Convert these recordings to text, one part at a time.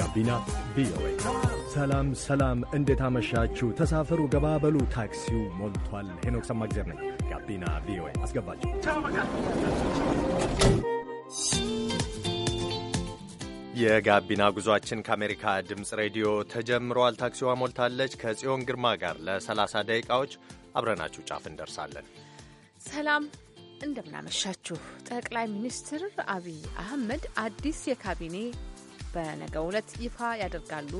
ጋቢና ቪኦኤ። ሰላም ሰላም፣ እንዴት አመሻችሁ? ተሳፈሩ፣ ገባበሉ፣ ታክሲው ሞልቷል። ሄኖክ ሰማግዜር ነኝ። ጋቢና ቪኦኤ ሰላም ሰላም እንዴት አመሻችሁ ተሳፈሩ በሉ ታክሲው ሞልቷል ሄኖክ ሰማግዜር ነኝ ጋቢና ቪኦኤ አስገባችሁ የጋቢና ጉዟችን ከአሜሪካ ድምፅ ሬዲዮ ተጀምሯል። ታክሲዋ ሞልታለች። ከጽዮን ግርማ ጋር ለ30 ደቂቃዎች አብረናችሁ ጫፍ እንደርሳለን። ሰላም እንደምናመሻችሁ። ጠቅላይ ሚኒስትር አብይ አህመድ አዲስ የካቢኔ በነገው ዕለት ይፋ ያደርጋሉ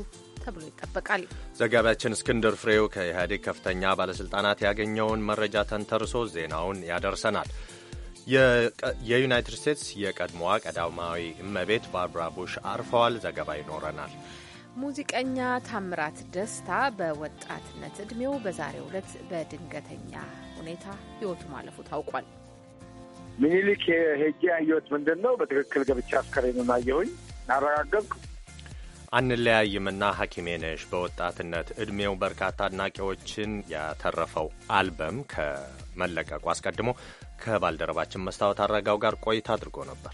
ተብሎ ይጠበቃል። ዘጋቢያችን እስክንድር ፍሬው ከኢህአዴግ ከፍተኛ ባለሥልጣናት ያገኘውን መረጃ ተንተርሶ ዜናውን ያደርሰናል። የዩናይትድ ስቴትስ የቀድሞዋ ቀዳማዊ እመቤት ባርብራ ቡሽ አርፈዋል። ዘገባ ይኖረናል። ሙዚቀኛ ታምራት ደስታ በወጣትነት ዕድሜው በዛሬው ዕለት በድንገተኛ ሁኔታ ሕይወቱ ማለፉ ታውቋል። ምኒልክ ሄጄ ያየሁት ምንድን ነው፣ በትክክል ገብቼ አስከሬኑን አየሁኝ። እንዳረጋገጥኩ አንለያይምና ሐኪሜ ነሽ በወጣትነት ዕድሜው በርካታ አድናቂዎችን ያተረፈው አልበም ከመለቀቁ አስቀድሞ ከባልደረባችን መስታወት አረጋው ጋር ቆይታ አድርጎ ነበር።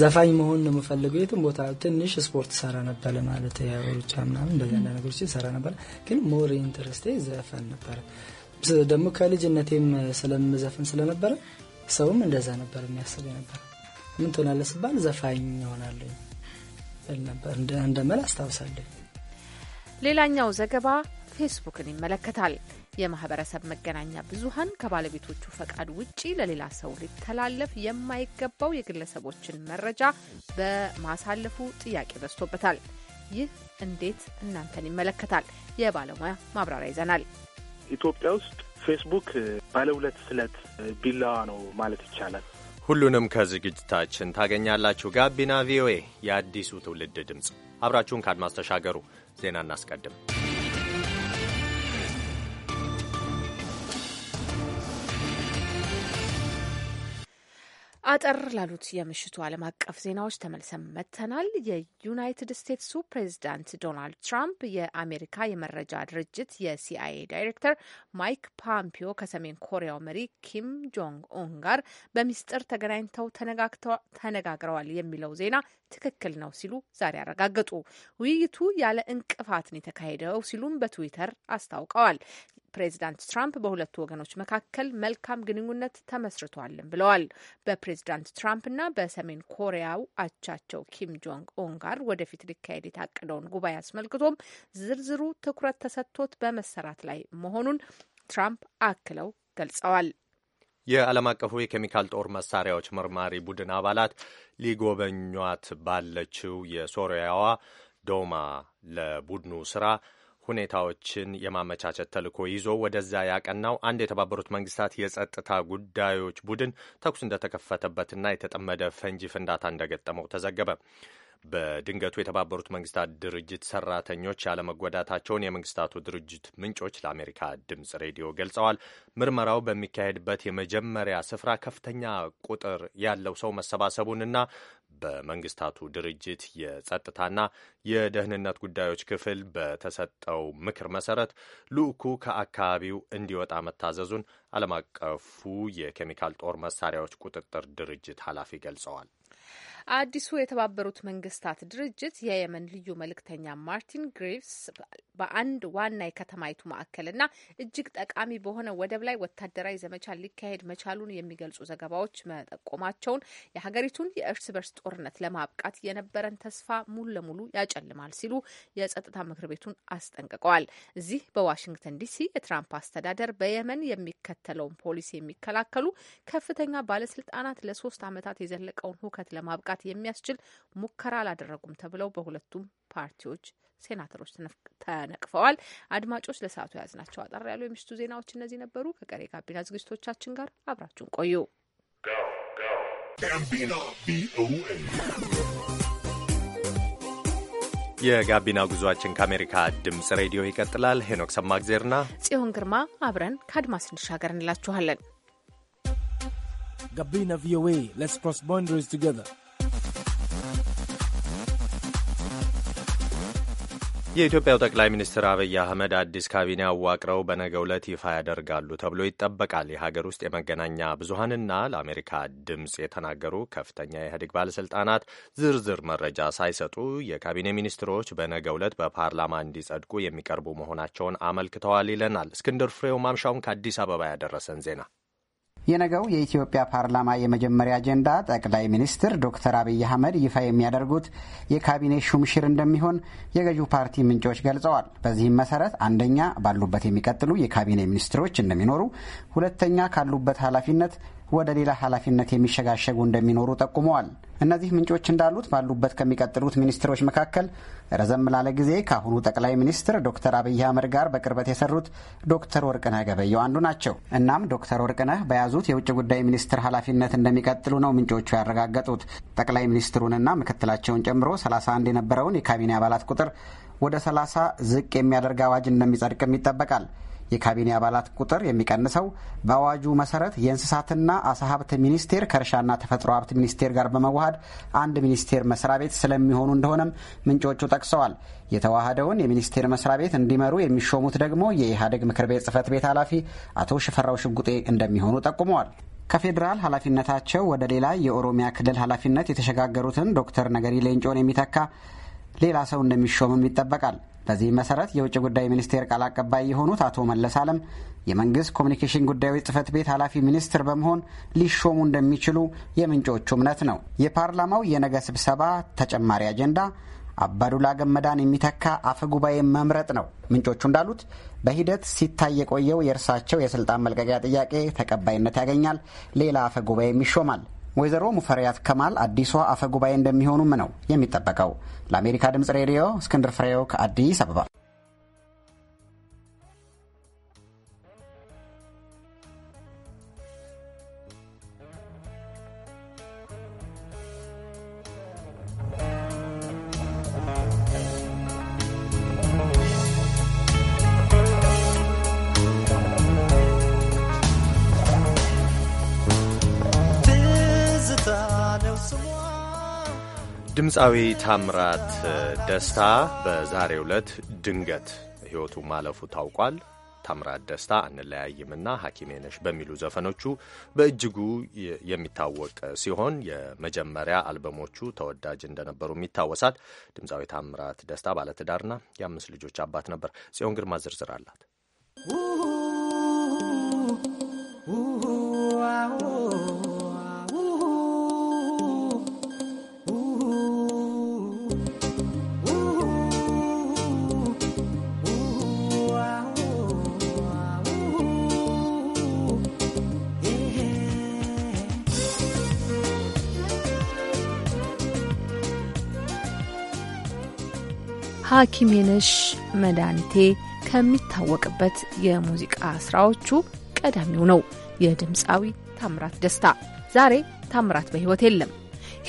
ዘፋኝ መሆን ነው የምፈልገው። የትም ቦታ ትንሽ ስፖርት ሰራ ነበር ማለት ሩጫ ምናምን እንደዚያ ነገሮች ሰራ ነበረ፣ ግን ሞር ኢንትረስቴ ዘፈን ነበረ። ደግሞ ከልጅነቴም ስለምዘፍን ስለነበረ ሰውም እንደዛ ነበር የሚያስብ ነበር። ምን ትሆናለህ ስባል ዘፋኝ ይሆናለኝ ስል ነበር እንደምን አስታውሳለሁ። ሌላኛው ዘገባ ፌስቡክን ይመለከታል። የማህበረሰብ መገናኛ ብዙሀን ከባለቤቶቹ ፈቃድ ውጪ ለሌላ ሰው ሊተላለፍ የማይገባው የግለሰቦችን መረጃ በማሳለፉ ጥያቄ በዝቶበታል። ይህ እንዴት እናንተን ይመለከታል? የባለሙያ ማብራሪያ ይዘናል። ኢትዮጵያ ውስጥ ፌስቡክ ባለሁለት ስለት ቢላዋ ነው ማለት ይቻላል። ሁሉንም ከዝግጅታችን ታገኛላችሁ። ጋቢና ቪኦኤ የአዲሱ ትውልድ ድምፅ። አብራችሁን ከአድማስ ተሻገሩ። ዜና እናስቀድም። አጠር ላሉት የምሽቱ ዓለም አቀፍ ዜናዎች ተመልሰን መጥተናል። የዩናይትድ ስቴትሱ ፕሬዚዳንት ዶናልድ ትራምፕ የአሜሪካ የመረጃ ድርጅት የሲአይኤ ዳይሬክተር ማይክ ፖምፒዮ ከሰሜን ኮሪያው መሪ ኪም ጆንግ ኡን ጋር በሚስጥር ተገናኝተው ተነጋግረዋል የሚለው ዜና ትክክል ነው ሲሉ ዛሬ አረጋገጡ። ውይይቱ ያለ እንቅፋትን የተካሄደው ሲሉም በትዊተር አስታውቀዋል። ፕሬዚዳንት ትራምፕ በሁለቱ ወገኖች መካከል መልካም ግንኙነት ተመስርቷልን ብለዋል። በፕሬዚዳንት ትራምፕና በሰሜን ኮሪያው አቻቸው ኪም ጆንግ ኦን ጋር ወደፊት ሊካሄድ የታቀደውን ጉባኤ አስመልክቶም ዝርዝሩ ትኩረት ተሰጥቶት በመሰራት ላይ መሆኑን ትራምፕ አክለው ገልጸዋል። የዓለም አቀፉ የኬሚካል ጦር መሳሪያዎች መርማሪ ቡድን አባላት ሊጎበኟት ባለችው የሶሪያዋ ዶማ ለቡድኑ ስራ ሁኔታዎችን የማመቻቸት ተልዕኮ ይዞ ወደዛ ያቀናው አንድ የተባበሩት መንግስታት የጸጥታ ጉዳዮች ቡድን ተኩስ እንደተከፈተበትና የተጠመደ ፈንጂ ፍንዳታ እንደገጠመው ተዘገበ። በድንገቱ የተባበሩት መንግስታት ድርጅት ሰራተኞች ያለመጎዳታቸውን የመንግስታቱ ድርጅት ምንጮች ለአሜሪካ ድምፅ ሬዲዮ ገልጸዋል። ምርመራው በሚካሄድበት የመጀመሪያ ስፍራ ከፍተኛ ቁጥር ያለው ሰው መሰባሰቡንና በመንግስታቱ ድርጅት የጸጥታና የደህንነት ጉዳዮች ክፍል በተሰጠው ምክር መሰረት ልዑኩ ከአካባቢው እንዲወጣ መታዘዙን ዓለም አቀፉ የኬሚካል ጦር መሳሪያዎች ቁጥጥር ድርጅት ኃላፊ ገልጸዋል። አዲሱ የተባበሩት መንግስታት ድርጅት የየመን ልዩ መልእክተኛ ማርቲን ግሪቭስ በአንድ ዋና የከተማይቱ ማዕከልና እጅግ ጠቃሚ በሆነ ወደብ ላይ ወታደራዊ ዘመቻ ሊካሄድ መቻሉን የሚገልጹ ዘገባዎች መጠቆማቸውን የሀገሪቱን የእርስ በርስ ጦርነት ለማብቃት የነበረን ተስፋ ሙሉ ለሙሉ ያጨልማል ሲሉ የጸጥታ ምክር ቤቱን አስጠንቅቀዋል። እዚህ በዋሽንግተን ዲሲ የትራምፕ አስተዳደር በየመን የሚከተለውን ፖሊሲ የሚከላከሉ ከፍተኛ ባለስልጣናት ለሶስት ዓመታት የዘለቀውን ሁከት ለማብቃት ለመፍታት የሚያስችል ሙከራ አላደረጉም ተብለው በሁለቱም ፓርቲዎች ሴናተሮች ተነቅፈዋል። አድማጮች ለሰዓቱ የያዝናቸው አጠር ያሉ የምሽቱ ዜናዎች እነዚህ ነበሩ። ከቀሪ ጋቢና ዝግጅቶቻችን ጋር አብራችሁን ቆዩ። የጋቢና ጉዟችን ከአሜሪካ ድምፅ ሬዲዮ ይቀጥላል። ሄኖክ ሰማግዜርና ጽዮን ግርማ አብረን ከአድማስ እንሻገር እንላችኋለን። ጋቢና ቪኦኤ ሌትስ ክሮስ ቦንደሪስ ቱጌዘር የኢትዮጵያው ጠቅላይ ሚኒስትር አብይ አህመድ አዲስ ካቢኔ አዋቅረው በነገ ዕለት ይፋ ያደርጋሉ ተብሎ ይጠበቃል። የሀገር ውስጥ የመገናኛ ብዙሀንና ለአሜሪካ ድምፅ የተናገሩ ከፍተኛ የኢህአዴግ ባለስልጣናት ዝርዝር መረጃ ሳይሰጡ የካቢኔ ሚኒስትሮች በነገ ዕለት በፓርላማ እንዲጸድቁ የሚቀርቡ መሆናቸውን አመልክተዋል ይለናል እስክንድር ፍሬው ማምሻውን ከአዲስ አበባ ያደረሰን ዜና የነገው የኢትዮጵያ ፓርላማ የመጀመሪያ አጀንዳ ጠቅላይ ሚኒስትር ዶክተር አብይ አህመድ ይፋ የሚያደርጉት የካቢኔ ሹምሽር እንደሚሆን የገዢው ፓርቲ ምንጮች ገልጸዋል። በዚህም መሰረት አንደኛ ባሉበት የሚቀጥሉ የካቢኔ ሚኒስትሮች እንደሚኖሩ፣ ሁለተኛ ካሉበት ኃላፊነት ወደ ሌላ ኃላፊነት የሚሸጋሸጉ እንደሚኖሩ ጠቁመዋል። እነዚህ ምንጮች እንዳሉት ባሉበት ከሚቀጥሉት ሚኒስትሮች መካከል ረዘም ላለ ጊዜ ከአሁኑ ጠቅላይ ሚኒስትር ዶክተር አብይ አህመድ ጋር በቅርበት የሰሩት ዶክተር ወርቅነህ ገበየው አንዱ ናቸው። እናም ዶክተር ወርቅነህ በያዙት የውጭ ጉዳይ ሚኒስትር ኃላፊነት እንደሚቀጥሉ ነው ምንጮቹ ያረጋገጡት። ጠቅላይ ሚኒስትሩንና ምክትላቸውን ጨምሮ 31 የነበረውን የካቢኔ አባላት ቁጥር ወደ 30 ዝቅ የሚያደርግ አዋጅ እንደሚጸድቅም ይጠበቃል። የካቢኔ አባላት ቁጥር የሚቀንሰው በአዋጁ መሰረት የእንስሳትና አሳ ሀብት ሚኒስቴር ከእርሻና ተፈጥሮ ሀብት ሚኒስቴር ጋር በመዋሃድ አንድ ሚኒስቴር መስሪያ ቤት ስለሚሆኑ እንደሆነም ምንጮቹ ጠቅሰዋል። የተዋሃደውን የሚኒስቴር መስሪያ ቤት እንዲመሩ የሚሾሙት ደግሞ የኢህአዴግ ምክር ቤት ጽህፈት ቤት ኃላፊ አቶ ሽፈራው ሽጉጤ እንደሚሆኑ ጠቁመዋል። ከፌዴራል ኃላፊነታቸው ወደ ሌላ የኦሮሚያ ክልል ኃላፊነት የተሸጋገሩትን ዶክተር ነገሪ ሌንጮን የሚተካ ሌላ ሰው እንደሚሾምም ይጠበቃል። በዚህ መሰረት የውጭ ጉዳይ ሚኒስቴር ቃል አቀባይ የሆኑት አቶ መለስ አለም የመንግስት ኮሚኒኬሽን ጉዳዮች ጽህፈት ቤት ኃላፊ ሚኒስትር በመሆን ሊሾሙ እንደሚችሉ የምንጮቹ እምነት ነው። የፓርላማው የነገ ስብሰባ ተጨማሪ አጀንዳ አባዱላ ገመዳን የሚተካ አፈ ጉባኤ መምረጥ ነው። ምንጮቹ እንዳሉት በሂደት ሲታይ የቆየው የእርሳቸው የስልጣን መልቀቂያ ጥያቄ ተቀባይነት ያገኛል፣ ሌላ አፈ ጉባኤም ይሾማል። ወይዘሮ ሙፈሪያት ከማል አዲሷ አፈ ጉባኤ እንደሚሆኑም ነው የሚጠበቀው። ለአሜሪካ ድምጽ ሬዲዮ እስክንድር ፍሬው ከአዲስ አበባ ድምፃዊ ታምራት ደስታ በዛሬ ዕለት ድንገት ሕይወቱ ማለፉ ታውቋል። ታምራት ደስታ አንለያይምና ሐኪሜ ነሽ በሚሉ ዘፈኖቹ በእጅጉ የሚታወቅ ሲሆን የመጀመሪያ አልበሞቹ ተወዳጅ እንደነበሩ ይታወሳል። ድምፃዊ ታምራት ደስታ ባለትዳርና የአምስት ልጆች አባት ነበር። ጽዮን ግርማ ዝርዝር አላት። ሐኪሜ ነሽ መድኃኒቴ ከሚታወቅበት የሙዚቃ ስራዎቹ ቀዳሚው ነው። የድምፃዊ ታምራት ደስታ ዛሬ ታምራት በሕይወት የለም።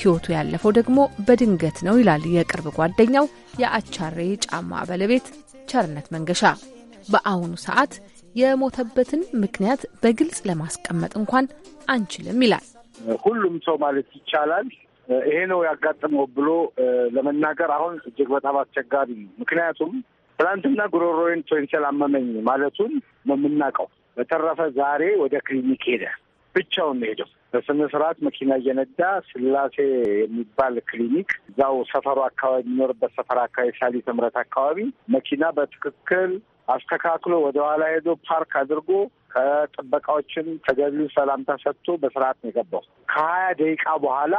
ሕይወቱ ያለፈው ደግሞ በድንገት ነው ይላል የቅርብ ጓደኛው የአቻሬ ጫማ ባለቤት ቸርነት መንገሻ። በአሁኑ ሰዓት የሞተበትን ምክንያት በግልጽ ለማስቀመጥ እንኳን አንችልም ይላል። ሁሉም ሰው ማለት ይቻላል ይሄ ነው ያጋጠመው ብሎ ለመናገር አሁን እጅግ በጣም አስቸጋሪ ነው። ምክንያቱም ትላንትና ጉሮሮዬን ቶንሲል አመመኝ ማለቱን ነው የምናውቀው። በተረፈ ዛሬ ወደ ክሊኒክ ሄደ። ብቻውን ሄደው በስነ ስርዓት መኪና እየነዳ ስላሴ የሚባል ክሊኒክ እዛው ሰፈሩ አካባቢ የሚኖርበት ሰፈር አካባቢ ሳሊ ትምህርት አካባቢ መኪና በትክክል አስተካክሎ ወደኋላ ሄዶ ፓርክ አድርጎ ከጥበቃዎችን ተገቢው ሰላምታ ሰጥቶ በስርዓት ነው የገባው። ከሀያ ደቂቃ በኋላ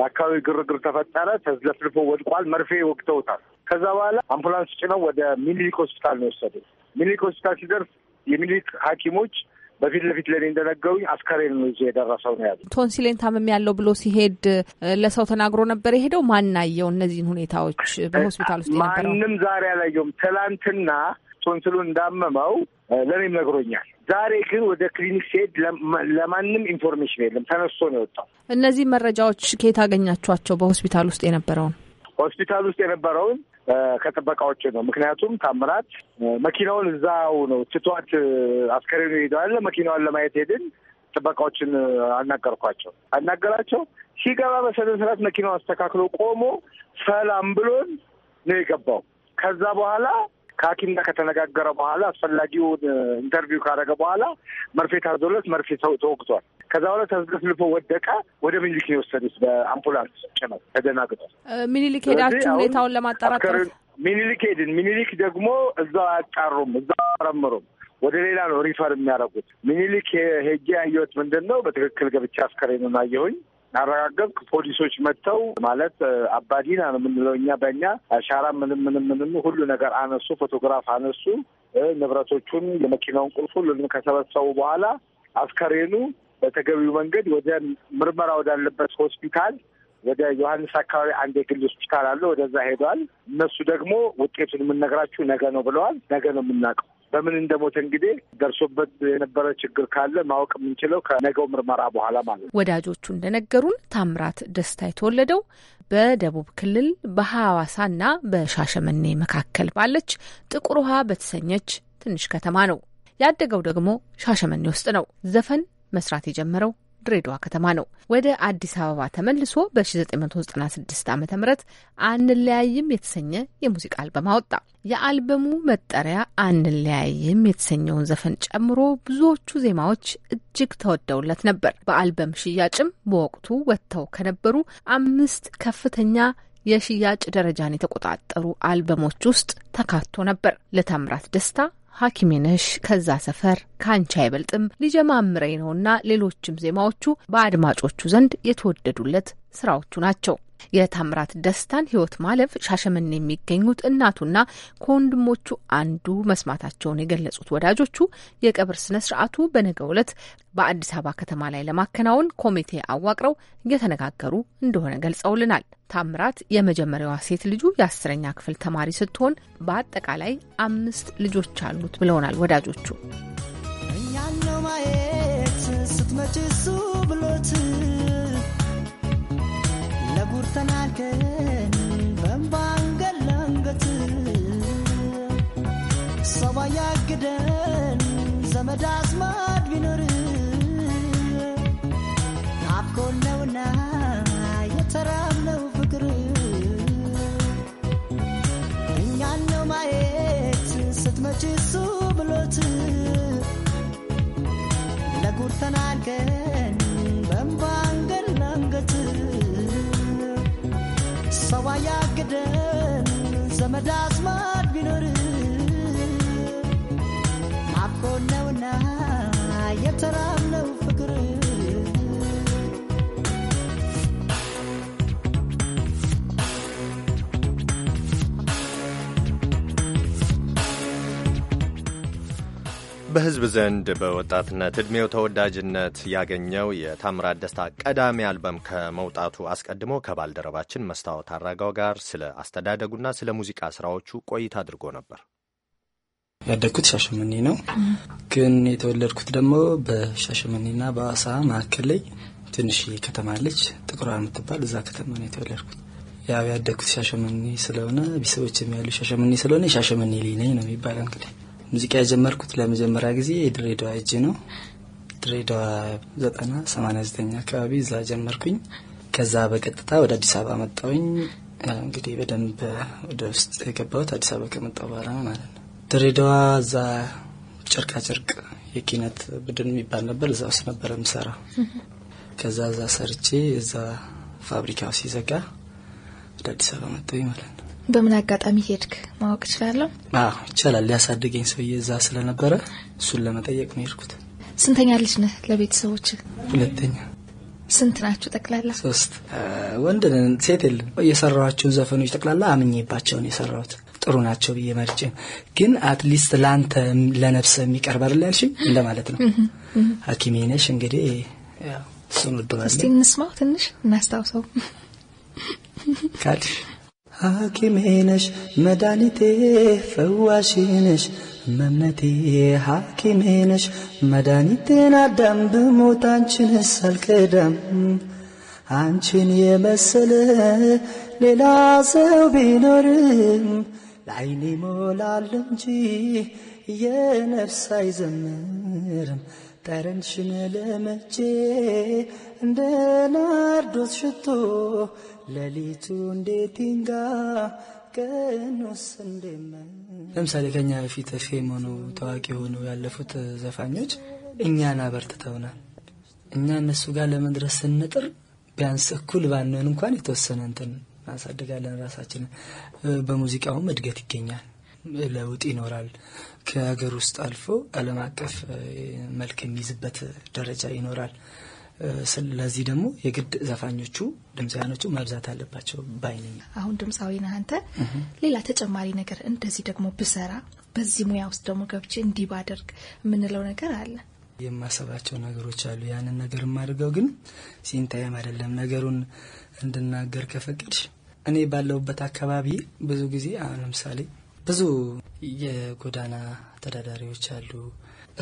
በአካባቢ ግርግር ተፈጠረ። ተዝለፍልፎ ወድቋል። መርፌ ወቅተውታል። ከዛ በኋላ አምቡላንስ ጭነው ወደ ሚኒሊክ ሆስፒታል ነው የወሰዱት። ሚኒሊክ ሆስፒታል ሲደርስ የሚኒሊክ ሐኪሞች በፊት ለፊት ለኔ እንደነገሩኝ አስከሬን ነው ይዞ የደረሰው ነው ያሉ። ቶንሲሌን ታመም ያለው ብሎ ሲሄድ ለሰው ተናግሮ ነበር የሄደው። ማን አየው እነዚህን ሁኔታዎች በሆስፒታል ውስጥ ማንም ዛሬ አላየውም። ትላንትና ቶንስሉን እንዳመመው ለእኔም ነግሮኛል። ዛሬ ግን ወደ ክሊኒክ ሲሄድ ለማንም ኢንፎርሜሽን የለም። ተነስቶ ነው የወጣው። እነዚህ መረጃዎች ከየት አገኛችኋቸው? በሆስፒታል ውስጥ የነበረውን ሆስፒታል ውስጥ የነበረውን ከጥበቃዎች ነው። ምክንያቱም ታምራት መኪናውን እዛው ነው ትቷት አስከሬኑ ሄደዋለ። መኪናዋን ለማየት ሄድን። ጥበቃዎችን አናገርኳቸው አናገራቸው። ሲገባ በሰነ ስርዓት መኪናው አስተካክሎ ቆሞ ሰላም ብሎን ነው የገባው። ከዛ በኋላ ከሐኪም ጋር ከተነጋገረ በኋላ አስፈላጊውን ኢንተርቪው ካደረገ በኋላ መርፌ ታዞለት መርፌ ተወግቷል። ከዛ በኋላ ተዘፍልፎ ወደቀ። ወደ ሚኒሊክ የወሰዱት በአምቡላንስ ጭነት ተደናግጧል። ሚኒሊክ ሄዳችሁ ሁኔታውን ለማጣራት ሚኒሊክ ሄድን። ሚኒሊክ ደግሞ እዛው አያጣሩም፣ እዛው አያመረምሩም። ወደ ሌላ ነው ሪፈር የሚያደርጉት። ሚኒሊክ ሄጄ ያየሁት ምንድን ነው፣ በትክክል ገብቼ አስከሬኑን አየሁኝ። አረጋገጥክ ፖሊሶች መጥተው ማለት አባዲና ነው የምንለው እኛ በእኛ አሻራ ምንም ምንም ምንም ሁሉ ነገር አነሱ፣ ፎቶግራፍ አነሱ፣ ንብረቶቹን የመኪናውን ቁልፍ ሁሉንም ከሰበሰቡ በኋላ አስከሬኑ በተገቢው መንገድ ወደ ምርመራ ወዳለበት ሆስፒታል ወደ ዮሐንስ አካባቢ አንድ የግል ሆስፒታል አለ። ወደዛ ሄደዋል። እነሱ ደግሞ ውጤቱን የምንነግራችሁ ነገ ነው ብለዋል። ነገ ነው የምናውቀው። በምን እንደሞተ እንግዲህ ደርሶበት የነበረ ችግር ካለ ማወቅ የምንችለው ከነገው ምርመራ በኋላ ማለት ነው። ወዳጆቹ እንደነገሩን ታምራት ደስታ የተወለደው በደቡብ ክልል በሐዋሳና በሻሸመኔ መካከል ባለች ጥቁር ውሃ በተሰኘች ትንሽ ከተማ ነው። ያደገው ደግሞ ሻሸመኔ ውስጥ ነው። ዘፈን መስራት የጀመረው ድሬዳዋ ከተማ ነው። ወደ አዲስ አበባ ተመልሶ በ1996 ዓ ም አንለያይም የተሰኘ የሙዚቃ አልበም አወጣ። የአልበሙ መጠሪያ አንለያይም የተሰኘውን ዘፈን ጨምሮ ብዙዎቹ ዜማዎች እጅግ ተወደውለት ነበር። በአልበም ሽያጭም በወቅቱ ወጥተው ከነበሩ አምስት ከፍተኛ የሽያጭ ደረጃን የተቆጣጠሩ አልበሞች ውስጥ ተካቶ ነበር። ለታምራት ደስታ ሐኪሜነሽ ከዛ ሰፈር ከአንቺ አይበልጥም ሊጀማምረኝ ነውና ሌሎችም ዜማዎቹ በአድማጮቹ ዘንድ የተወደዱለት ስራዎቹ ናቸው። የታምራት ደስታን ህይወት ማለፍ ሻሸመኔ የሚገኙት እናቱና ከወንድሞቹ አንዱ መስማታቸውን የገለጹት ወዳጆቹ የቀብር ስነ ስርዓቱ በነገ ዕለት በአዲስ አበባ ከተማ ላይ ለማከናወን ኮሚቴ አዋቅረው እየተነጋገሩ እንደሆነ ገልጸውልናል። ታምራት የመጀመሪያዋ ሴት ልጁ የአስረኛ ክፍል ተማሪ ስትሆን በአጠቃላይ አምስት ልጆች አሉት ብለውናል ወዳጆቹ እኛን ነው ማየት ስትመጪ እሱ ብሎት ተናገን በንባንገን ለንገት ሰው ዘመድ አዝማድ ቢኖር በሕዝብ ዘንድ በወጣትነት ዕድሜው ተወዳጅነት ያገኘው የታምራት ደስታ ቀዳሚ አልበም ከመውጣቱ አስቀድሞ ከባልደረባችን መስታወት አራጋው ጋር ስለ አስተዳደጉና ስለ ሙዚቃ ስራዎቹ ቆይታ አድርጎ ነበር። ያደግኩት ሻሸመኔ ነው፣ ግን የተወለድኩት ደግሞ በሻሸመኔና በአዋሳ መካከል ላይ ትንሽ ከተማ አለች፣ ጥቁር የምትባል እዛ ከተማ ነው የተወለድኩት። ያው ያደግኩት ሻሸመኔ ስለሆነ ቤተሰቦች የሚያሉ ሻሸመኔ ስለሆነ ሻሸመኔ ልጅ ነኝ ነው የሚባለው እንግዲህ ሙዚቃ የጀመርኩት ለመጀመሪያ ጊዜ የድሬዳዋ እጅ ነው። ድሬዳዋ ዘጠና ሰማንያ ዘጠኝ አካባቢ እዛ ጀመርኩኝ። ከዛ በቀጥታ ወደ አዲስ አበባ መጣውኝ። እንግዲህ በደንብ ወደ ውስጥ የገባሁት አዲስ አበባ ከመጣው በኋላ ነው ማለት ነው። ድሬዳዋ እዛ ጨርቃጨርቅ የኪነት ቡድን የሚባል ነበር። እዛ ውስጥ ነበረ ምሰራ። ከዛ እዛ ሰርቼ እዛ ፋብሪካው ሲዘጋ ወደ አዲስ አበባ መጣኝ ማለት ነው። በምን አጋጣሚ ሄድክ ማወቅ እችላለሁ? አዎ ይቻላል። ሊያሳድገኝ ሰውዬ እዛ ስለነበረ እሱን ለመጠየቅ ነው ሄድኩት። ስንተኛ ልጅ ነህ? ለቤተሰቦች ሁለተኛ። ስንት ናችሁ ጠቅላላ? ሶስት ወንድ ነን፣ ሴት የለም። የሰራኋቸውን ዘፈኖች ጠቅላላ አምኜባቸውን የሰራሁት ጥሩ ናቸው ብዬ መርጬ፣ ግን አትሊስት ለአንተ ለነፍሰ የሚቀርብ አይደል ያልሽኝ እንደማለት ነው። ሐኪሜ ነሽ እንግዲህ እሱን ውድ እስቲ እንስማው፣ ትንሽ እናስታውሰው ካልሽ ሐኪሜ ነሽ መድኃኒቴ ፈዋሽ ነሽ መምነቴ ሐኪሜ ነሽ መድኃኒቴን አዳም ብሞት አንቺንስ አልከዳም አንቺን የመሰለ ሌላ ሰው ቢኖርም ለዓይኔ ሞላል እንጂ የነፍስ አይዘምርም ጠረንሽን ለመቼ እንደ ናርዶስ ሽቶ ለሊቱ እንዴት ይንጋ ቀኑስ እንደመ ለምሳሌ ከኛ በፊት ፌም ሆነው ታዋቂ ሆነው ያለፉት ዘፋኞች እኛን አበርትተውናል። እኛ እነሱ ጋር ለመድረስ ስንጥር ቢያንስ እኩል ባንን እንኳን የተወሰነ እንትን እናሳድጋለን ራሳችንን። በሙዚቃውም እድገት ይገኛል፣ ለውጥ ይኖራል። ከሀገር ውስጥ አልፎ ዓለም አቀፍ መልክ የሚይዝበት ደረጃ ይኖራል። ስለዚህ ደግሞ የግድ ዘፋኞቹ ድምፃያኖቹ መብዛት አለባቸው ባይ አሁን ድምፃዊ ነህ አንተ። ሌላ ተጨማሪ ነገር እንደዚህ ደግሞ ብሰራ በዚህ ሙያ ውስጥ ደግሞ ገብቼ እንዲህ ባደርግ የምንለው ነገር አለ? የማሰባቸው ነገሮች አሉ። ያንን ነገር የማድርገው ግን ሲንታይም አይደለም። ነገሩን እንድናገር ከፈቀድሽ እኔ ባለሁበት አካባቢ ብዙ ጊዜ አሁን ለምሳሌ ብዙ የጎዳና ተዳዳሪዎች አሉ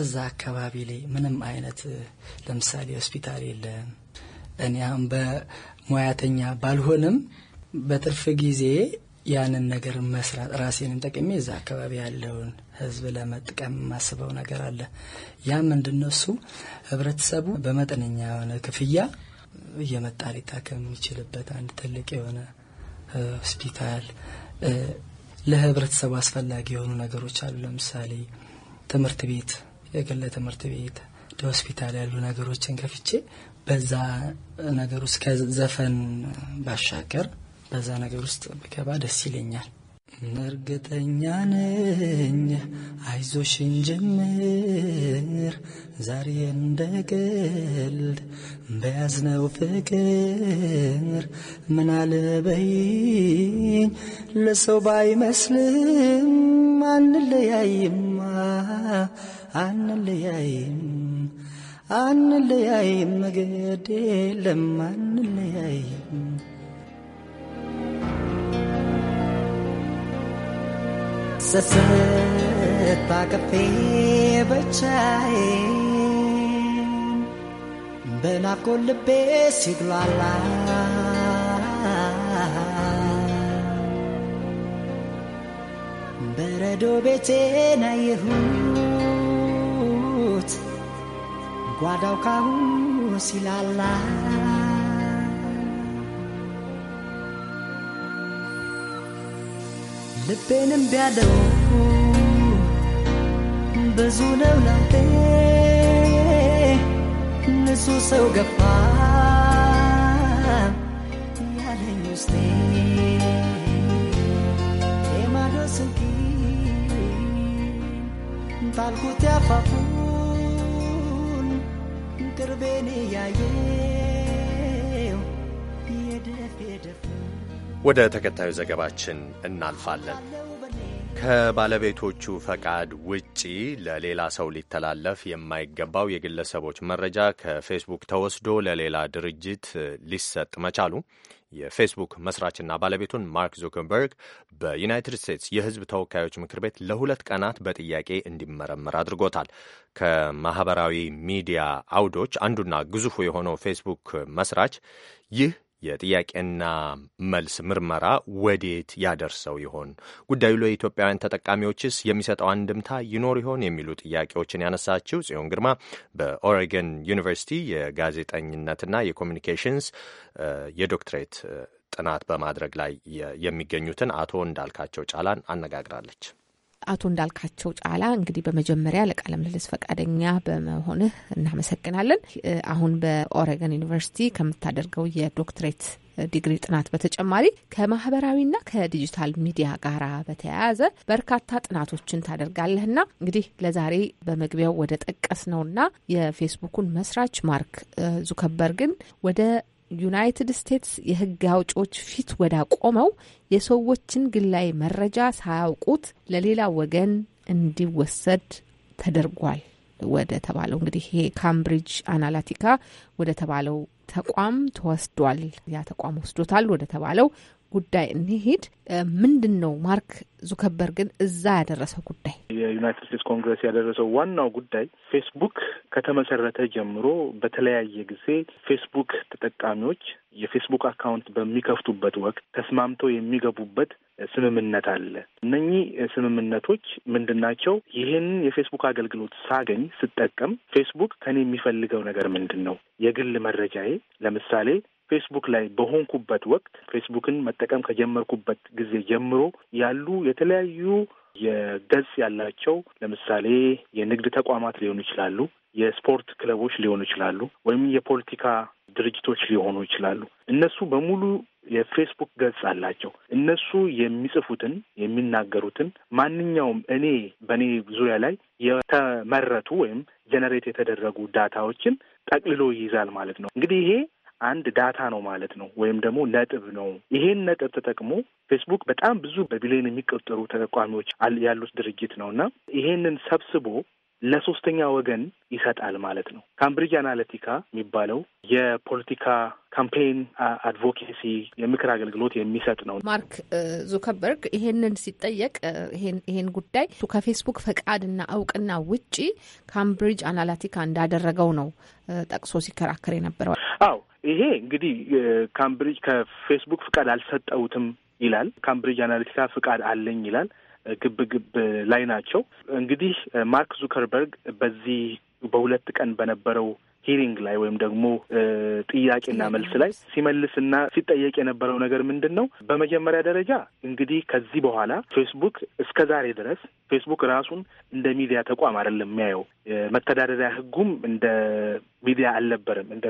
እዛ አካባቢ ላይ ምንም አይነት ለምሳሌ ሆስፒታል የለም። እኔ አሁን በሙያተኛ ባልሆንም በትርፍ ጊዜ ያንን ነገር መስራት ራሴንም ጠቅሜ እዛ አካባቢ ያለውን ህዝብ ለመጥቀም የማስበው ነገር አለ። ያ ምንድነሱ ህብረተሰቡ በመጠነኛ የሆነ ክፍያ እየመጣ ሊታከም የሚችልበት አንድ ትልቅ የሆነ ሆስፒታል፣ ለህብረተሰቡ አስፈላጊ የሆኑ ነገሮች አሉ። ለምሳሌ ትምህርት ቤት የግል ትምህርት ቤት ሆስፒታል ያሉ ነገሮችን ከፍቼ በዛ ነገር ውስጥ ከዘፈን ባሻገር በዛ ነገር ውስጥ ብገባ ደስ ይለኛል። እርግጠኛ ነኝ አይዞሽ እንጀምር ዛሬ እንደ ቀልድ በያዝነው ፍቅር ምናልበይኝ ለሰው ባይመስልም አንለያይማ አንለያይም አንለያይም ግድ የለም አንለያይም ስስት ብቻዬን ልቤ በረዶ ቤቴን ጓዳው ካሁኑ ሲላላ ልቤንም ቢያለው ብዙ ነው ለውጤ ንጹህ ሰው ገባ ያለኝ ውስጤ የማዶ ስንቂ ጣልኩት ያፋፉ ቅርቤን ያየው ወደ ተከታዩ ዘገባችን እናልፋለን። ከባለቤቶቹ ፈቃድ ውጪ ለሌላ ሰው ሊተላለፍ የማይገባው የግለሰቦች መረጃ ከፌስቡክ ተወስዶ ለሌላ ድርጅት ሊሰጥ መቻሉ የፌስቡክ መስራችና ባለቤቱን ማርክ ዙከንበርግ በዩናይትድ ስቴትስ የሕዝብ ተወካዮች ምክር ቤት ለሁለት ቀናት በጥያቄ እንዲመረመር አድርጎታል። ከማህበራዊ ሚዲያ አውዶች አንዱና ግዙፉ የሆነው ፌስቡክ መስራች ይህ የጥያቄና መልስ ምርመራ ወዴት ያደርሰው ይሆን? ጉዳዩ ለኢትዮጵያውያን ተጠቃሚዎችስ የሚሰጠው አንድምታ ይኖር ይሆን የሚሉ ጥያቄዎችን ያነሳችው ጽዮን ግርማ በኦሬገን ዩኒቨርሲቲ የጋዜጠኝነትና የኮሚኒኬሽንስ የዶክትሬት ጥናት በማድረግ ላይ የሚገኙትን አቶ እንዳልካቸው ጫላን አነጋግራለች። አቶ እንዳልካቸው ጫላ እንግዲህ በመጀመሪያ ለቃለ ምልልስ ፈቃደኛ በመሆንህ እናመሰግናለን። አሁን በኦሬገን ዩኒቨርሲቲ ከምታደርገው የዶክትሬት ዲግሪ ጥናት በተጨማሪ ከማህበራዊና ከዲጂታል ሚዲያ ጋር በተያያዘ በርካታ ጥናቶችን ታደርጋለህና እንግዲህ ለዛሬ በመግቢያው ወደ ጠቀስ ነውና የፌስቡኩን መስራች ማርክ ዙከርበርግን ወደ ዩናይትድ ስቴትስ የህግ አውጮች ፊት ወዳ ቆመው የሰዎችን ግላይ መረጃ ሳያውቁት ለሌላ ወገን እንዲወሰድ ተደርጓል ወደ ተባለው እንግዲህ ይሄ ካምብሪጅ አናላቲካ ወደ ተባለው ተቋም ተወስዷል። ያ ተቋም ወስዶታል ወደ ተባለው ጉዳይ እንሄድ። ምንድን ነው ማርክ ግን እዛ ያደረሰው ጉዳይ? የዩናይትድ ስቴትስ ኮንግረስ ያደረሰው ዋናው ጉዳይ ፌስቡክ ከተመሰረተ ጀምሮ በተለያየ ጊዜ ፌስቡክ ተጠቃሚዎች የፌስቡክ አካውንት በሚከፍቱበት ወቅት ተስማምተው የሚገቡበት ስምምነት አለ። እነኚህ ስምምነቶች ምንድን ናቸው? ይህንን የፌስቡክ አገልግሎት ሳገኝ ስጠቀም ፌስቡክ ከኔ የሚፈልገው ነገር ምንድን ነው? የግል መረጃዬ ለምሳሌ ፌስቡክ ላይ በሆንኩበት ወቅት ፌስቡክን መጠቀም ከጀመርኩበት ጊዜ ጀምሮ ያሉ የተለያዩ የገጽ ያላቸው ለምሳሌ የንግድ ተቋማት ሊሆኑ ይችላሉ፣ የስፖርት ክለቦች ሊሆኑ ይችላሉ፣ ወይም የፖለቲካ ድርጅቶች ሊሆኑ ይችላሉ። እነሱ በሙሉ የፌስቡክ ገጽ አላቸው። እነሱ የሚጽፉትን የሚናገሩትን ማንኛውም እኔ በእኔ ዙሪያ ላይ የተመረቱ ወይም ጀነሬት የተደረጉ ዳታዎችን ጠቅልሎ ይይዛል ማለት ነው። እንግዲህ ይሄ አንድ ዳታ ነው ማለት ነው፣ ወይም ደግሞ ነጥብ ነው። ይሄን ነጥብ ተጠቅሞ ፌስቡክ በጣም ብዙ በቢሊዮን የሚቆጠሩ ተጠቋሚዎች ያሉት ድርጅት ነው እና ይሄንን ሰብስቦ ለሶስተኛ ወገን ይሰጣል ማለት ነው። ካምብሪጅ አናለቲካ የሚባለው የፖለቲካ ካምፔን አድቮኬሲ የምክር አገልግሎት የሚሰጥ ነው። ማርክ ዙከርበርግ ይሄንን ሲጠየቅ ይሄን ጉዳይ ከፌስቡክ ፈቃድና እውቅና ውጪ ካምብሪጅ አናላቲካ እንዳደረገው ነው ጠቅሶ ሲከራከር የነበረዋል። አዎ ይሄ እንግዲህ ካምብሪጅ ከፌስቡክ ፍቃድ አልሰጠውትም ይላል። ካምብሪጅ አናሊቲካ ፍቃድ አለኝ ይላል። ግብግብ ላይ ናቸው። እንግዲህ ማርክ ዙከርበርግ በዚህ በሁለት ቀን በነበረው ሂሪንግ ላይ ወይም ደግሞ ጥያቄና መልስ ላይ ሲመልስና ሲጠየቅ የነበረው ነገር ምንድን ነው? በመጀመሪያ ደረጃ እንግዲህ ከዚህ በኋላ ፌስቡክ እስከ ዛሬ ድረስ ፌስቡክ ራሱን እንደ ሚዲያ ተቋም አይደለም የሚያየው። መተዳደሪያ ሕጉም እንደ ሚዲያ አልነበረም እንደ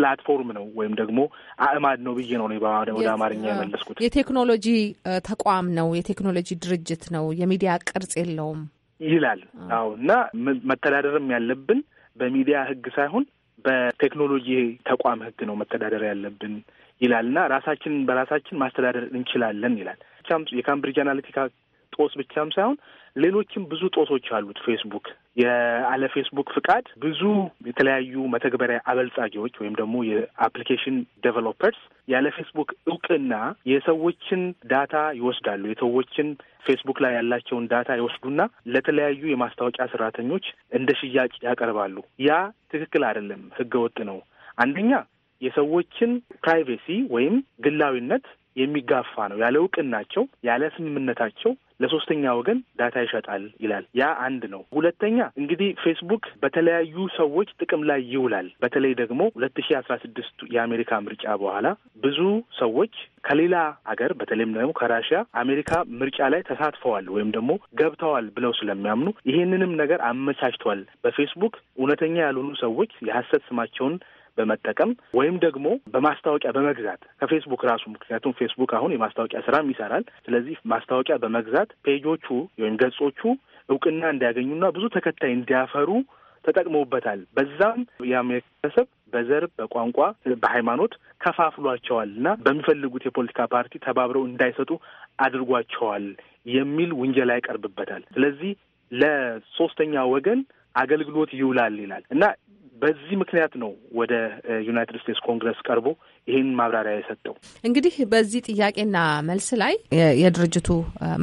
ፕላትፎርም ነው ወይም ደግሞ አእማድ ነው ብዬ ነው ወደ አማርኛ የመለስኩት። የቴክኖሎጂ ተቋም ነው፣ የቴክኖሎጂ ድርጅት ነው፣ የሚዲያ ቅርጽ የለውም ይላል። አዎ እና መተዳደርም ያለብን በሚዲያ ህግ ሳይሆን በቴክኖሎጂ ተቋም ህግ ነው መተዳደር ያለብን ይላል እና ራሳችንን በራሳችን ማስተዳደር እንችላለን ይላል። የካምብሪጅ አናሊቲካ ጦስ ብቻም ሳይሆን ሌሎችም ብዙ ጦሶች አሉት። ፌስቡክ ያለ ፌስቡክ ፍቃድ ብዙ የተለያዩ መተግበሪያ አበልጻጊዎች ወይም ደግሞ የአፕሊኬሽን ዴቨሎፐርስ ያለ ፌስቡክ እውቅና የሰዎችን ዳታ ይወስዳሉ። የሰዎችን ፌስቡክ ላይ ያላቸውን ዳታ ይወስዱና ለተለያዩ የማስታወቂያ ሰራተኞች እንደ ሽያጭ ያቀርባሉ። ያ ትክክል አይደለም፣ ህገወጥ ነው። አንደኛ የሰዎችን ፕራይቬሲ ወይም ግላዊነት የሚጋፋ ነው። ያለ እውቅናቸው ያለ ስምምነታቸው ለሶስተኛ ወገን ዳታ ይሸጣል ይላል። ያ አንድ ነው። ሁለተኛ እንግዲህ ፌስቡክ በተለያዩ ሰዎች ጥቅም ላይ ይውላል። በተለይ ደግሞ ሁለት ሺ አስራ ስድስቱ የአሜሪካ ምርጫ በኋላ ብዙ ሰዎች ከሌላ አገር በተለይም ደግሞ ከራሽያ አሜሪካ ምርጫ ላይ ተሳትፈዋል ወይም ደግሞ ገብተዋል ብለው ስለሚያምኑ ይሄንንም ነገር አመቻችቷል። በፌስቡክ እውነተኛ ያልሆኑ ሰዎች የሀሰት ስማቸውን በመጠቀም ወይም ደግሞ በማስታወቂያ በመግዛት ከፌስቡክ ራሱ ምክንያቱም ፌስቡክ አሁን የማስታወቂያ ስራም ይሰራል። ስለዚህ ማስታወቂያ በመግዛት ፔጆቹ ወይም ገጾቹ እውቅና እንዲያገኙና ብዙ ተከታይ እንዲያፈሩ ተጠቅመውበታል። በዛም የአሜሪካተሰብ በዘር፣ በቋንቋ፣ በሃይማኖት ከፋፍሏቸዋል እና በሚፈልጉት የፖለቲካ ፓርቲ ተባብረው እንዳይሰጡ አድርጓቸዋል የሚል ውንጀላ ይቀርብበታል። ስለዚህ ለሶስተኛ ወገን አገልግሎት ይውላል ይላል እና በዚህ ምክንያት ነው ወደ ዩናይትድ ስቴትስ ኮንግረስ ቀርቦ ይህን ማብራሪያ የሰጠው እንግዲህ በዚህ ጥያቄና መልስ ላይ የድርጅቱ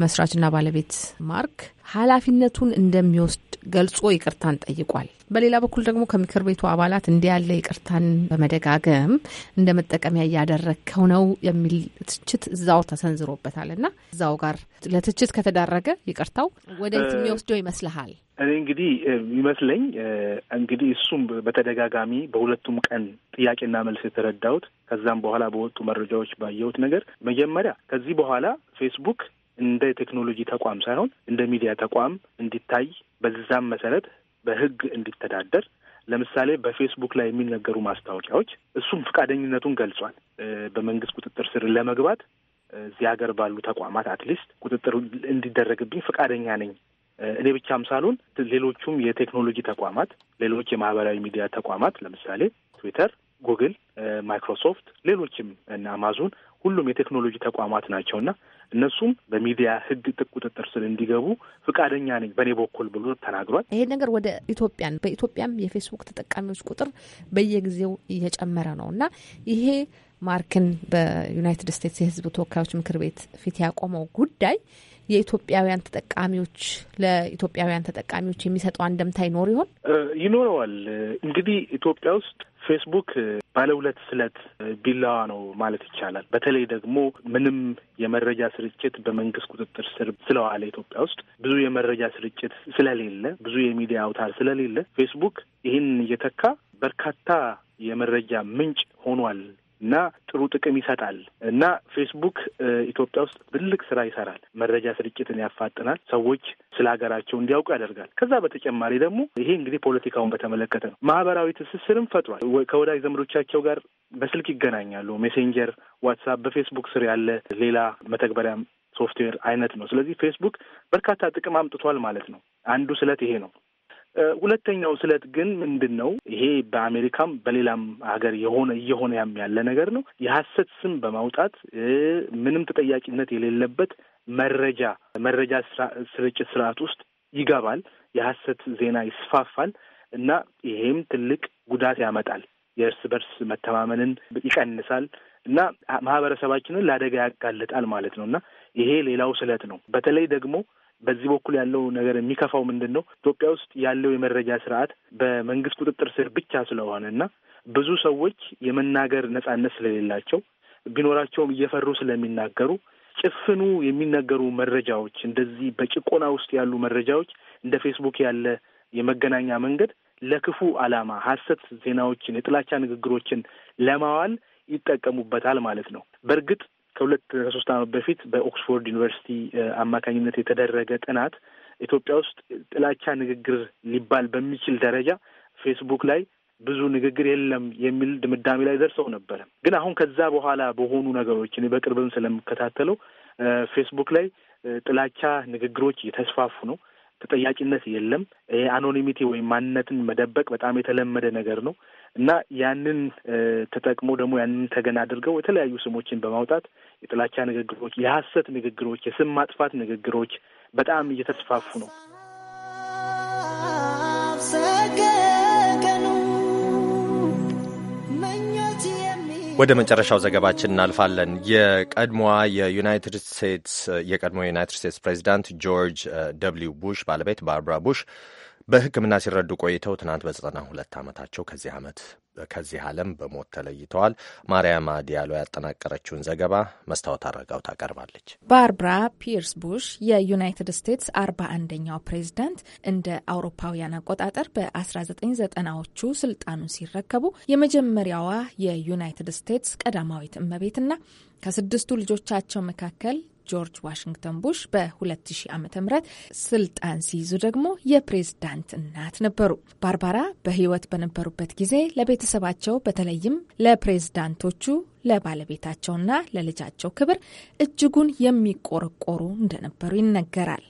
መስራችና ባለቤት ማርክ ኃላፊነቱን እንደሚወስድ ገልጾ ይቅርታን ጠይቋል። በሌላ በኩል ደግሞ ከምክር ቤቱ አባላት እንዲህ ያለ ይቅርታን በመደጋገም እንደ መጠቀሚያ እያደረግከው ነው የሚል ትችት እዛው ተሰንዝሮበታል እና እዛው ጋር ለትችት ከተዳረገ ይቅርታው ወደ የሚወስደው ይመስልሃል? እኔ እንግዲህ ይመስለኝ እንግዲህ እሱም በተደጋጋሚ በሁለቱም ቀን ጥያቄና መልስ የተረዳሁት ከዛም በኋላ በወጡ መረጃዎች ባየሁት ነገር መጀመሪያ ከዚህ በኋላ ፌስቡክ እንደ ቴክኖሎጂ ተቋም ሳይሆን እንደ ሚዲያ ተቋም እንዲታይ በዛም መሰረት በህግ እንዲተዳደር ለምሳሌ በፌስቡክ ላይ የሚነገሩ ማስታወቂያዎች እሱም ፈቃደኝነቱን ገልጿል። በመንግስት ቁጥጥር ስር ለመግባት እዚህ ሀገር ባሉ ተቋማት አትሊስት ቁጥጥር እንዲደረግብኝ ፈቃደኛ ነኝ። እኔ ብቻም ሳልሆን ሌሎቹም የቴክኖሎጂ ተቋማት፣ ሌሎች የማህበራዊ ሚዲያ ተቋማት ለምሳሌ ትዊተር ጉግል፣ ማይክሮሶፍት፣ ሌሎችም እና አማዞን ሁሉም የቴክኖሎጂ ተቋማት ናቸውና እነሱም በሚዲያ ጥቅ ቁጥጥር ስር እንዲገቡ ፍቃደኛ ነኝ በእኔ በኩል ብሎ ተናግሯል። ይሄ ነገር ወደ ኢትዮጵያን በኢትዮጵያም የፌስቡክ ተጠቃሚዎች ቁጥር በየጊዜው እየጨመረ ነው እና ይሄ ማርክን በዩናይትድ ስቴትስ የህዝብ ተወካዮች ምክር ቤት ፊት ያቆመው ጉዳይ የኢትዮጵያውያን ተጠቃሚዎች ለኢትዮጵያውያን ተጠቃሚዎች የሚሰጠው አንደምታ ይኖር ይሆን? ይኖረዋል። እንግዲህ ኢትዮጵያ ውስጥ ፌስቡክ ባለሁለት ስለት ቢላዋ ነው ማለት ይቻላል። በተለይ ደግሞ ምንም የመረጃ ስርጭት በመንግስት ቁጥጥር ስር ስለዋለ ኢትዮጵያ ውስጥ ብዙ የመረጃ ስርጭት ስለሌለ፣ ብዙ የሚዲያ አውታር ስለሌለ ፌስቡክ ይህን እየተካ በርካታ የመረጃ ምንጭ ሆኗል እና ጥሩ ጥቅም ይሰጣል እና ፌስቡክ ኢትዮጵያ ውስጥ ትልቅ ስራ ይሰራል። መረጃ ስርጭትን ያፋጥናል። ሰዎች ስለ ሀገራቸው እንዲያውቁ ያደርጋል። ከዛ በተጨማሪ ደግሞ ይሄ እንግዲህ ፖለቲካውን በተመለከተ ነው። ማህበራዊ ትስስርም ፈጥሯል። ከወዳጅ ዘመዶቻቸው ጋር በስልክ ይገናኛሉ። ሜሴንጀር፣ ዋትሳፕ በፌስቡክ ስር ያለ ሌላ መተግበሪያም ሶፍትዌር አይነት ነው። ስለዚህ ፌስቡክ በርካታ ጥቅም አምጥቷል ማለት ነው። አንዱ ስለት ይሄ ነው። ሁለተኛው ስለት ግን ምንድን ነው? ይሄ በአሜሪካም በሌላም ሀገር የሆነ እየሆነ ያም ያለ ነገር ነው። የሀሰት ስም በማውጣት ምንም ተጠያቂነት የሌለበት መረጃ መረጃ ስርጭት ስርዓት ውስጥ ይገባል። የሀሰት ዜና ይስፋፋል እና ይሄም ትልቅ ጉዳት ያመጣል። የእርስ በርስ መተማመንን ይቀንሳል እና ማህበረሰባችንን ለአደጋ ያጋልጣል ማለት ነው እና ይሄ ሌላው ስለት ነው። በተለይ ደግሞ በዚህ በኩል ያለው ነገር የሚከፋው ምንድን ነው? ኢትዮጵያ ውስጥ ያለው የመረጃ ስርዓት በመንግስት ቁጥጥር ስር ብቻ ስለሆነ እና ብዙ ሰዎች የመናገር ነጻነት ስለሌላቸው ቢኖራቸውም እየፈሩ ስለሚናገሩ ጭፍኑ የሚነገሩ መረጃዎች እንደዚህ በጭቆና ውስጥ ያሉ መረጃዎች እንደ ፌስቡክ ያለ የመገናኛ መንገድ ለክፉ ዓላማ ሀሰት ዜናዎችን፣ የጥላቻ ንግግሮችን ለማዋል ይጠቀሙበታል ማለት ነው። በእርግጥ ከሁለት ከሶስት ዓመት በፊት በኦክስፎርድ ዩኒቨርሲቲ አማካኝነት የተደረገ ጥናት ኢትዮጵያ ውስጥ ጥላቻ ንግግር ሊባል በሚችል ደረጃ ፌስቡክ ላይ ብዙ ንግግር የለም የሚል ድምዳሜ ላይ ደርሰው ነበረ። ግን አሁን ከዛ በኋላ በሆኑ ነገሮች እኔ በቅርብም ስለምከታተለው ፌስቡክ ላይ ጥላቻ ንግግሮች የተስፋፉ ነው። ተጠያቂነት የለም። አኖኒሚቲ ወይም ማንነትን መደበቅ በጣም የተለመደ ነገር ነው እና ያንን ተጠቅሞ ደግሞ ያንን ተገን አድርገው የተለያዩ ስሞችን በማውጣት የጥላቻ ንግግሮች፣ የሐሰት ንግግሮች፣ የስም ማጥፋት ንግግሮች በጣም እየተስፋፉ ነው። ወደ መጨረሻው ዘገባችን እናልፋለን። የቀድሞዋ የዩናይትድ ስቴትስ የቀድሞ የዩናይትድ ስቴትስ ፕሬዚዳንት ጆርጅ ደብሊው ቡሽ ባለቤት ባርብራ ቡሽ በሕክምና ሲረዱ ቆይተው ትናንት በዘጠና ሁለት ዓመታቸው ከዚህ ዓመት ከዚህ ዓለም በሞት ተለይተዋል። ማርያማ ዲያሎ ያጠናቀረችውን ዘገባ መስታወት አረጋው ታቀርባለች። ባርብራ ፒርስ ቡሽ የዩናይትድ ስቴትስ አርባ አንደኛው ፕሬዚዳንት እንደ አውሮፓውያን አቆጣጠር በ1990ዎቹ ስልጣኑን ሲረከቡ የመጀመሪያዋ የዩናይትድ ስቴትስ ቀዳማዊት እመቤትና ከስድስቱ ልጆቻቸው መካከል ጆርጅ ዋሽንግተን ቡሽ በ2000 ዓ ም ስልጣን ሲይዙ ደግሞ የፕሬዝዳንት እናት ነበሩ። ባርባራ በህይወት በነበሩበት ጊዜ ለቤተሰባቸው በተለይም ለፕሬዝዳንቶቹ ለባለቤታቸውና ለልጃቸው ክብር እጅጉን የሚቆረቆሩ እንደነበሩ ይነገራል።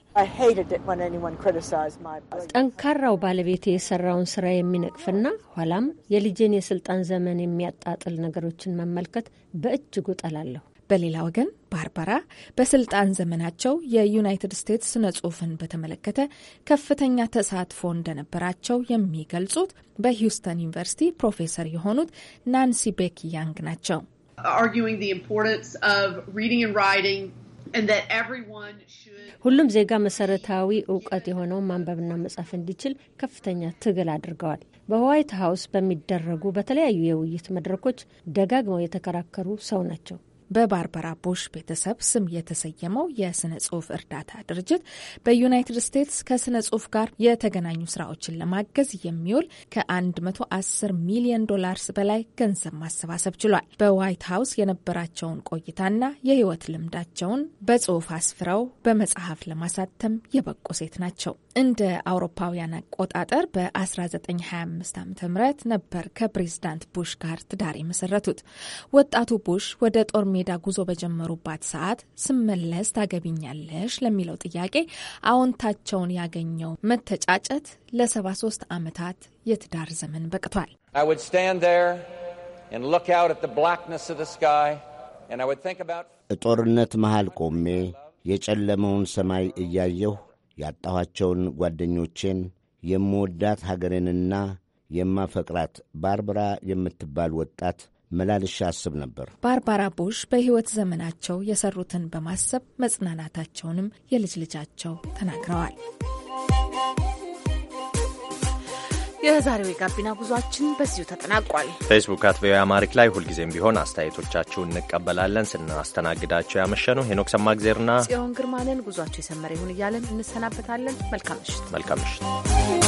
ጠንካራው ባለቤቴ የሰራውን ስራ የሚነቅፍና ኋላም የልጄን የስልጣን ዘመን የሚያጣጥል ነገሮችን መመልከት በእጅጉ ጠላለሁ። በሌላ ወገን ባርባራ በስልጣን ዘመናቸው የዩናይትድ ስቴትስ ስነ ጽሁፍን በተመለከተ ከፍተኛ ተሳትፎ እንደነበራቸው የሚገልጹት በሂውስተን ዩኒቨርሲቲ ፕሮፌሰር የሆኑት ናንሲ ቤክ ያንግ ናቸው። ሁሉም ዜጋ መሰረታዊ እውቀት የሆነውን ማንበብና መጻፍ እንዲችል ከፍተኛ ትግል አድርገዋል። በዋይት ሀውስ በሚደረጉ በተለያዩ የውይይት መድረኮች ደጋግመው የተከራከሩ ሰው ናቸው። በባርበራ ቡሽ ቤተሰብ ስም የተሰየመው የስነ ጽሁፍ እርዳታ ድርጅት በዩናይትድ ስቴትስ ከስነ ጽሁፍ ጋር የተገናኙ ስራዎችን ለማገዝ የሚውል ከ110 ሚሊዮን ዶላርስ በላይ ገንዘብ ማሰባሰብ ችሏል። በዋይት ሀውስ የነበራቸውን ቆይታና የህይወት ልምዳቸውን በጽሁፍ አስፍረው በመጽሐፍ ለማሳተም የበቁ ሴት ናቸው። እንደ አውሮፓውያን አቆጣጠር በ1925 ዓ ም ነበር ከፕሬዚዳንት ቡሽ ጋር ትዳር የመሰረቱት። ወጣቱ ቡሽ ወደ ጦር ሜዳ ጉዞ በጀመሩባት ሰዓት ስመለስ ታገቢኛለሽ ለሚለው ጥያቄ አዎንታቸውን ያገኘው መተጫጨት ለ73 ዓመታት የትዳር ዘመን በቅቷል። ጦርነት መሃል ቆሜ የጨለመውን ሰማይ እያየሁ ያጣኋቸውን ጓደኞቼን የምወዳት ሀገሬንና የማፈቅራት ባርበራ የምትባል ወጣት መላልሻ አስብ ነበር። ባርባራ ቡሽ በሕይወት ዘመናቸው የሰሩትን በማሰብ መጽናናታቸውንም የልጅ ልጃቸው ተናግረዋል። የዛሬው የጋቢና ጉዟችን በዚሁ ተጠናቋል። ፌስቡክ አት ቪኦኤ አማሪክ ላይ ሁልጊዜም ቢሆን አስተያየቶቻችሁን እንቀበላለን። ስናስተናግዳቸው ያመሸነው ሄኖክ ሰማግዜርና ጽዮን ግርማንን ጉዟቸው የሰመረ ይሁን እያለን እንሰናበታለን። መልካም ምሽት። መልካም ምሽት።